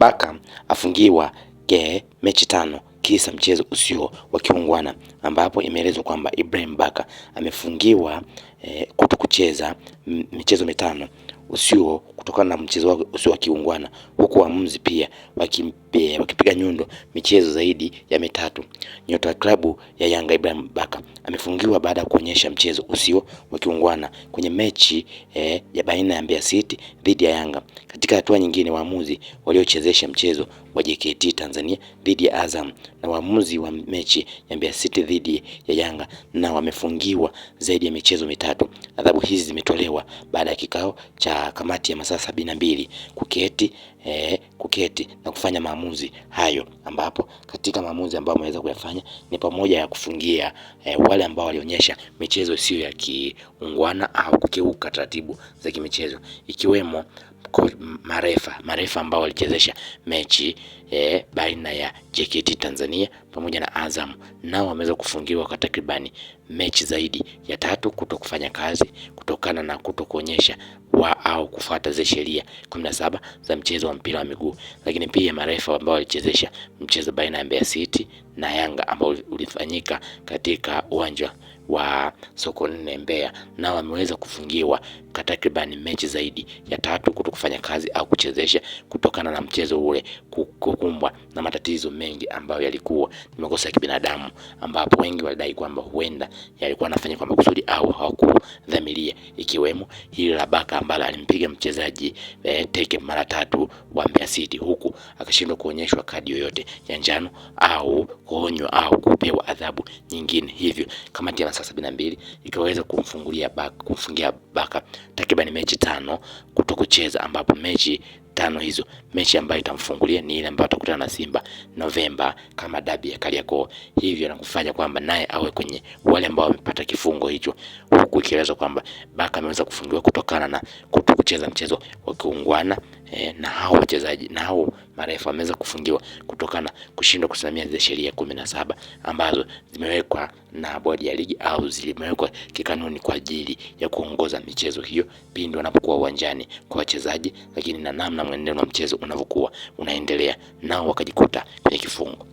Baka afungiwa ke mechi tano kisa mchezo usio wa kiungwana ambapo imeelezwa kwamba Ibrahim Baka amefungiwa e, kuto kucheza michezo mitano usio kutokana na mchezo wake usio wa kiungwana, huku waamuzi pia wakipiga nyundo michezo zaidi ya mitatu. Nyota wa klabu ya Yanga Ibrahim Baka amefungiwa baada ya kuonyesha mchezo usio wa kiungwana kwenye mechi eh, ya baina ya Mbeya City dhidi ya Yanga. Katika hatua nyingine, waamuzi waliochezesha mchezo wa JKT Tanzania dhidi ya Azam na waamuzi wa mechi ya Mbeya City dhidi ya Yanga na wamefungiwa zaidi ya michezo mitatu. Adhabu hizi zimetolewa baada ya kikao cha kamati ya masaa sabini na mbili kuketi e, kuketi na kufanya maamuzi hayo, ambapo katika maamuzi ambayo ameweza kuyafanya ni pamoja ya kufungia e, wale ambao walionyesha michezo sio ya kiungwana au kukeuka taratibu za kimichezo ikiwemo marefa marefa ambao walichezesha mechi e, baina ya JKT Tanzania pamoja na Azam, nao wameweza kufungiwa kwa takribani mechi zaidi ya tatu kuto kufanya kazi kutokana na kuto kuonyesha wa au kufuata zile sheria 17 za mchezo wa mpira wa miguu. Lakini pia marefa ambao walichezesha mchezo baina ya Mbeya City na Yanga ambao ulifanyika katika uwanja wa Sokoine Mbeya, nao wameweza kufungiwa kwa takribani mechi zaidi ya tatu kuto kufanya kazi au kuchezesha kutokana na mchezo ule kukumbwa na matatizo mengi ambayo yalikuwa ni makosa ya kibinadamu, ambapo wengi walidai kwamba huenda yalikuwa anafanya kwa makusudi au hawakudhamiria, ikiwemo hili la baka ambalo alimpiga mchezaji eh, teke mara tatu wa Mbeya City huku akashindwa kuonyeshwa kadi yoyote ya njano au kuonywa au kupewa adhabu nyingine, hivyo kamati ya masaa sabini na mbili ikaweza kumfungulia baka kumfungia Baka takriban mechi tano kutokucheza, ambapo mechi tano hizo, mechi ambayo itamfungulia ni ile ambayo atakutana na Simba Novemba kama dabi ya Kariakoo, hivyo na kufanya kwamba naye awe kwenye wale ambao wamepata kifungo hicho, huku ikielezwa kwamba Baka ameweza kufungiwa kutokana na kutokucheza mchezo wa kiungwana eh, na hao wachezaji na hao marefu wameweza kufungiwa kutokana kushindwa kusimamia zile sheria kumi na saba ambazo zimewekwa na bodi ya ligi au zilimewekwa kikanuni kwa ajili ya kuongoza michezo hiyo pindi wanapokuwa uwanjani kwa wachezaji, lakini na namna mwenendo wa mchezo unavyokuwa unaendelea, nao wakajikuta kwenye kifungo.